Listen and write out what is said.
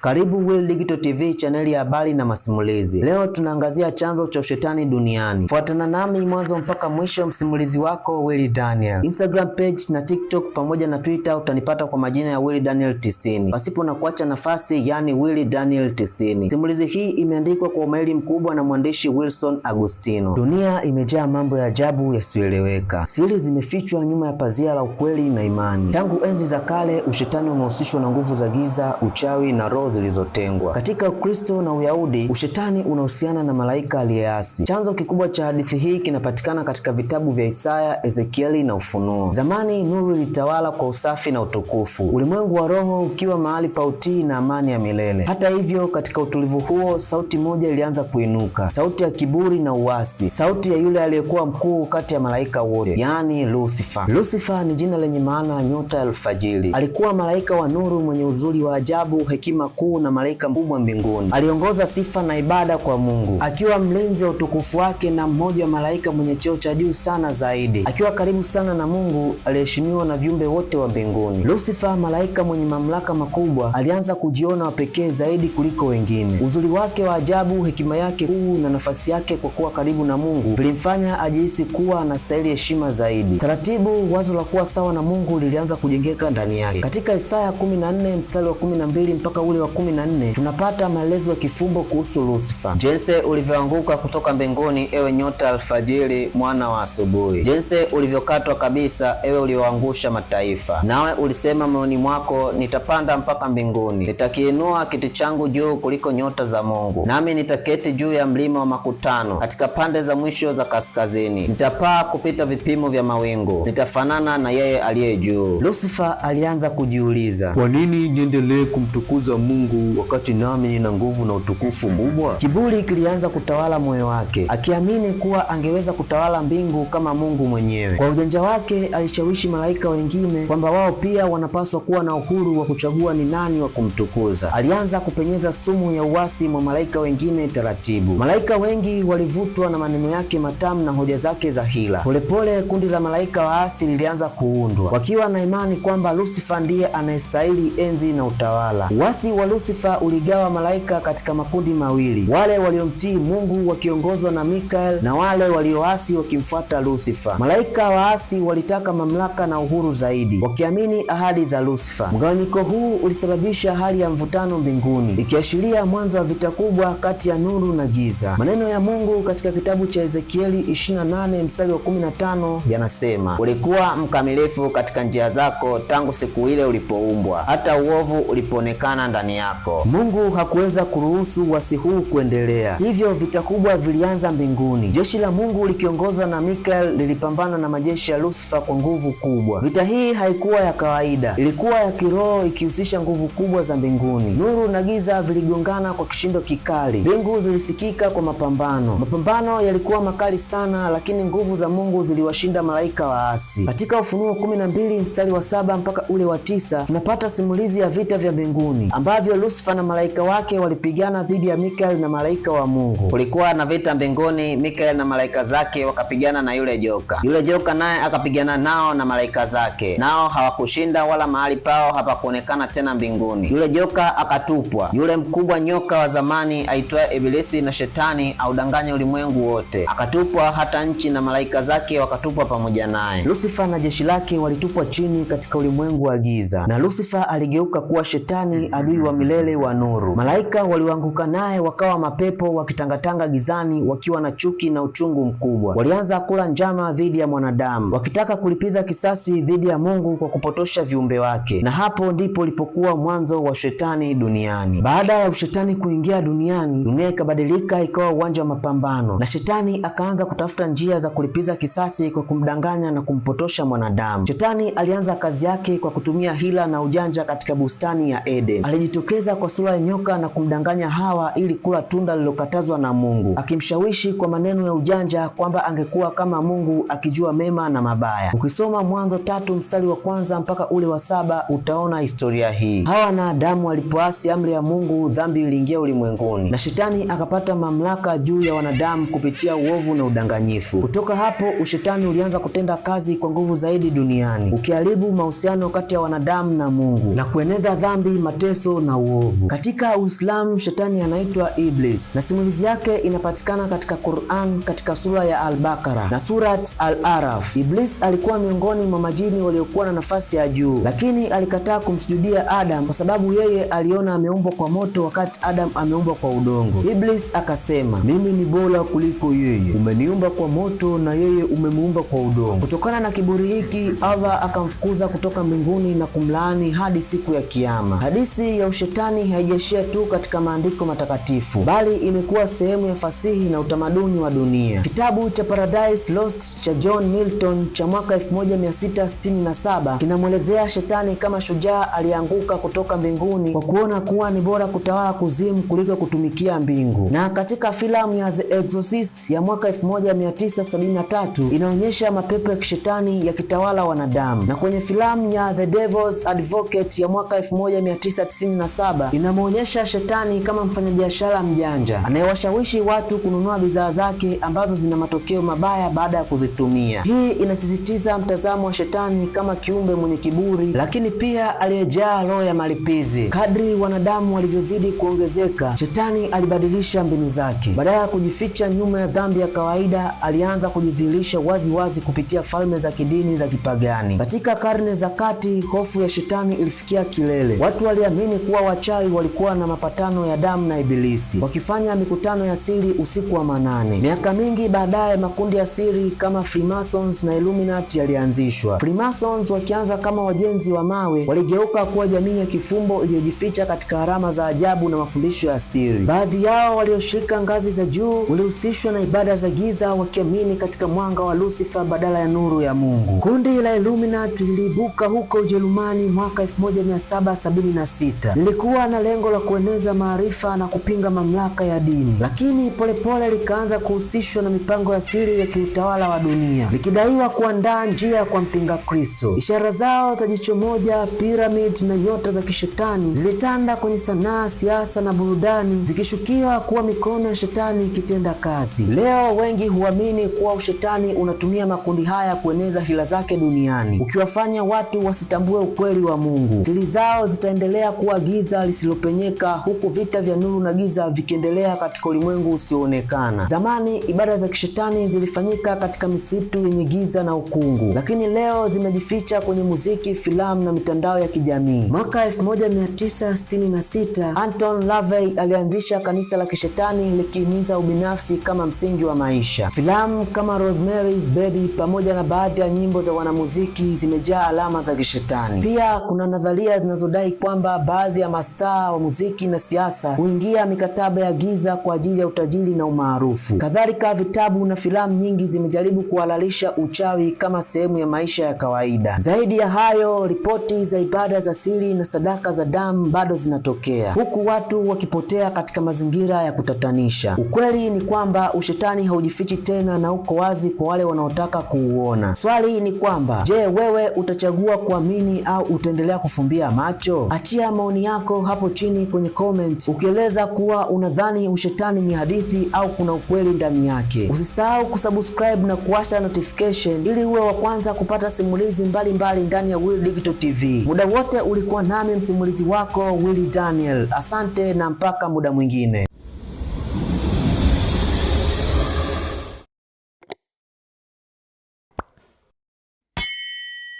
Karibu Will Digital TV, chaneli ya habari na masimulizi. Leo tunaangazia chanzo cha ushetani duniani. Fuatana nami mwanzo mpaka mwisho, msimulizi wako Will Daniel. Instagram page na TikTok pamoja na Twitter utanipata kwa majina ya Will Daniel 90 pasipo na kuacha nafasi, yani Will Daniel 90. Simulizi hii imeandikwa kwa umahiri mkubwa na mwandishi Wilson Agustino. Dunia imejaa mambo ya ajabu yasiyoeleweka, siri zimefichwa nyuma ya pazia la ukweli na imani. Tangu enzi za kale, ushetani umehusishwa na nguvu za giza, uchawi na roho zilizotengwa. Katika Ukristo na Uyahudi, ushetani unahusiana na malaika aliyeasi. Chanzo kikubwa cha hadithi hii kinapatikana katika vitabu vya Isaya, Ezekieli na Ufunuo. Zamani nuru ilitawala kwa usafi na utukufu, ulimwengu wa roho ukiwa mahali pa utii na amani ya milele. Hata hivyo, katika utulivu huo, sauti moja ilianza kuinuka, sauti ya kiburi na uasi, sauti ya yule aliyekuwa mkuu kati ya malaika wote, yaani Lusifa. Lusifa ni jina lenye maana ya nyota ya alfajiri. Alikuwa malaika wa nuru mwenye uzuri wa ajabu, hekima mkuu na malaika mkubwa mbinguni. Aliongoza sifa na ibada kwa Mungu akiwa mlinzi wa utukufu wake na mmoja wa malaika mwenye cheo cha juu sana zaidi, akiwa karibu sana na Mungu aliheshimiwa na viumbe wote wa mbinguni. Lusifa, malaika mwenye mamlaka makubwa, alianza kujiona wa pekee zaidi kuliko wengine. Uzuri wake wa ajabu, hekima yake kuu na nafasi yake kwa kuwa karibu na Mungu vilimfanya ajihisi kuwa anastahili heshima zaidi. Taratibu, wazo la kuwa sawa na Mungu lilianza kujengeka ndani yake. Katika Isaya 14 mstari wa 12 mpaka ule wa nne tunapata maelezo ya kifumbo kuhusu Lusifa. Jinsi ulivyoanguka kutoka mbinguni, ewe nyota alfajiri, mwana wa asubuhi. Jinsi ulivyokatwa kabisa, ewe ulioangusha mataifa. Nawe ulisema moyoni mwako, nitapanda mpaka mbinguni, nitakiinua kiti changu juu kuliko nyota za Mungu, nami nitaketi juu ya mlima wa makutano, katika pande za mwisho za kaskazini. Nitapaa kupita vipimo vya mawingu, nitafanana na yeye aliye juu. Lusifa alianza kujiuliza, kwa nini niendelee kumtukuza Mungu Mungu wakati nami na nguvu na utukufu mkubwa. Kiburi kilianza kutawala moyo wake, akiamini kuwa angeweza kutawala mbingu kama Mungu mwenyewe. Kwa ujanja wake alishawishi malaika wengine kwamba wao pia wanapaswa kuwa na uhuru wa kuchagua ni nani wa kumtukuza. Alianza kupenyeza sumu ya uasi mwa malaika wengine taratibu. Malaika wengi walivutwa na maneno yake matamu na hoja zake za hila. Polepole kundi la malaika waasi lilianza kuundwa, wakiwa na imani kwamba Lusifa ndiye anayestahili enzi na utawala. Uasi wa Lusifa uligawa malaika katika makundi mawili, wale waliomtii Mungu wakiongozwa na Mikael na wale walioasi wakimfuata Lusifa. Malaika waasi walitaka mamlaka na uhuru zaidi, wakiamini ahadi za Lusifa. Mgawanyiko huu ulisababisha hali ya mvutano mbinguni, ikiashiria mwanzo wa vita kubwa kati ya nuru na giza. Maneno ya Mungu katika kitabu cha Ezekieli 28 mstari wa 15 yanasema, ulikuwa mkamilifu katika njia zako tangu siku ile ulipoumbwa hata uovu ulipoonekana ndani yako. Mungu hakuweza kuruhusu uasi huu kuendelea, hivyo vita kubwa vilianza mbinguni. Jeshi la Mungu likiongozwa na Mikael lilipambana na majeshi ya Lucifer kwa nguvu kubwa. Vita hii haikuwa ya kawaida, ilikuwa ya kiroho ikihusisha nguvu kubwa za mbinguni. Nuru na giza viligongana kwa kishindo kikali, mbingu zilisikika kwa mapambano. Mapambano yalikuwa makali sana, lakini nguvu za Mungu ziliwashinda malaika waasi. Katika Ufunuo kumi na mbili mstari wa saba mpaka ule wa tisa tunapata simulizi ya vita vya mbinguni ambavyo ambavyo Lucifer na malaika wake walipigana dhidi ya mikael na malaika wa Mungu. Kulikuwa na vita mbinguni, mikael na malaika zake wakapigana na yule joka. Yule joka naye akapigana nao na malaika zake, nao hawakushinda, wala mahali pao hapakuonekana tena mbinguni. Yule joka akatupwa. Yule mkubwa nyoka wa zamani aitwaye Ibilisi na Shetani audanganya ulimwengu wote akatupwa, hata nchi na malaika zake wakatupwa pamoja naye. Lusifa na jeshi lake walitupwa chini katika ulimwengu wa giza, na Lucifer aligeuka kuwa shetani adui wa milele wa nuru. Malaika walioanguka naye wakawa mapepo wakitangatanga gizani, wakiwa na chuki na uchungu mkubwa. Walianza kula njama dhidi ya mwanadamu, wakitaka kulipiza kisasi dhidi ya Mungu kwa kupotosha viumbe wake, na hapo ndipo ulipokuwa mwanzo wa shetani duniani. Baada ya ushetani kuingia duniani, dunia ikabadilika ikawa uwanja wa mapambano, na shetani akaanza kutafuta njia za kulipiza kisasi kwa kumdanganya na kumpotosha mwanadamu. Shetani alianza kazi yake kwa kutumia hila na ujanja katika bustani ya Eden. Alijitu alijitokeza kwa sura ya nyoka na kumdanganya Hawa ili kula tunda lilokatazwa na Mungu, akimshawishi kwa maneno ya ujanja kwamba angekuwa kama Mungu akijua mema na mabaya. Ukisoma Mwanzo tatu mstari wa kwanza mpaka ule wa saba utaona historia hii. Hawa na Adamu walipoasi amri ya Mungu, dhambi iliingia ulimwenguni na shetani akapata mamlaka juu ya wanadamu kupitia uovu na udanganyifu. Kutoka hapo ushetani ulianza kutenda kazi kwa nguvu zaidi duniani, ukiharibu mahusiano kati ya wanadamu na Mungu na kueneza dhambi, mateso na uovu. Mm-hmm. Katika Uislamu shetani anaitwa Iblis na simulizi yake inapatikana katika Quran katika sura ya Al-Baqara na surat Al-Araf. Iblis alikuwa miongoni mwa majini waliokuwa na nafasi ya juu, lakini alikataa kumsujudia Adam kwa sababu yeye aliona ameumbwa kwa moto wakati Adam ameumbwa kwa udongo. Iblis akasema, mimi ni bora kuliko yeye, umeniumba kwa moto na yeye umemuumba kwa udongo. Kutokana na kiburi hiki, Allah akamfukuza kutoka mbinguni na kumlaani hadi siku ya Kiyama. Hadithi ya shetani haijaishia tu katika maandiko matakatifu, bali imekuwa sehemu ya fasihi na utamaduni wa dunia. Kitabu cha Paradise Lost cha John Milton cha mwaka 1667 kinamwelezea shetani kama shujaa aliyeanguka kutoka mbinguni kwa kuona kuwa ni bora kutawala kuzimu kuliko kutumikia mbingu. Na katika filamu ya The Exorcist ya mwaka 1973 inaonyesha mapepo ya kishetani yakitawala wanadamu, na kwenye filamu ya The Devil's Advocate ya mwaka 1990 saba inamwonyesha shetani kama mfanyabiashara mjanja anayewashawishi watu kununua bidhaa zake ambazo zina matokeo mabaya baada ya kuzitumia. Hii inasisitiza mtazamo wa shetani kama kiumbe mwenye kiburi, lakini pia aliyejaa roho ya malipizi. Kadri wanadamu walivyozidi kuongezeka, shetani alibadilisha mbinu zake. Badala ya kujificha nyuma ya dhambi ya kawaida, alianza kujidhihirisha wazi wazi kupitia falme za kidini za kipagani. Katika karne za kati, hofu ya shetani ilifikia kilele. Watu waliamini kuwa kuwa wachawi walikuwa na mapatano ya damu na Ibilisi, wakifanya mikutano ya siri usiku wa manane. Miaka mingi baadaye, makundi ya siri kama Freemasons na Illuminati yalianzishwa. Freemasons wakianza kama wajenzi wa mawe, waligeuka kuwa jamii ya kifumbo iliyojificha katika harama za ajabu na mafundisho ya siri. Baadhi yao walioshika ngazi za juu walihusishwa na ibada za giza, wakiamini katika mwanga wa Lucifer badala ya nuru ya Mungu. Kundi la Illuminati liliibuka huko Ujerumani mwaka 1776 lilikuwa na lengo la kueneza maarifa na kupinga mamlaka ya dini, lakini polepole likaanza kuhusishwa na mipango ya siri ya kiutawala wa dunia, likidaiwa kuandaa njia kwa mpinga Kristo. Ishara zao za jicho moja, piramidi na nyota za kishetani zilitanda kwenye sanaa, siasa na burudani, zikishukiwa kuwa mikono ya shetani ikitenda kazi. Leo wengi huamini kuwa ushetani unatumia makundi haya kueneza hila zake duniani, ukiwafanya watu wasitambue ukweli wa Mungu. Siri zao zitaendelea kuwa giza lisilopenyeka, huku vita vya nuru na giza vikiendelea katika ulimwengu usioonekana. Zamani ibada za kishetani zilifanyika katika misitu yenye giza na ukungu, lakini leo zimejificha kwenye muziki, filamu na mitandao ya kijamii. Mwaka 1966 Anton LaVey alianzisha kanisa la kishetani likihimiza ubinafsi kama msingi wa maisha. Filamu kama Rosemary's Baby pamoja na baadhi ya nyimbo za wanamuziki zimejaa alama za kishetani. Pia kuna nadharia zinazodai kwamba baadhi ya ya mastaa wa muziki na siasa huingia mikataba ya giza kwa ajili ya utajiri na umaarufu. Kadhalika, vitabu na filamu nyingi zimejaribu kuhalalisha uchawi kama sehemu ya maisha ya kawaida. Zaidi ya hayo, ripoti za ibada za siri na sadaka za damu bado zinatokea, huku watu wakipotea katika mazingira ya kutatanisha. Ukweli ni kwamba ushetani haujifichi tena na uko wazi kwa wale wanaotaka kuuona. Swali ni kwamba, je, wewe utachagua kuamini au utaendelea kufumbia macho? Achia maoni yako yako hapo chini kwenye comment ukieleza kuwa unadhani ushetani ni hadithi au kuna ukweli ndani yake. Usisahau kusubscribe na kuwasha notification ili uwe wa kwanza kupata simulizi mbalimbali ndani ya Will Digital TV. Muda wote ulikuwa nami msimulizi wako Willy Daniel. Asante na mpaka muda mwingine.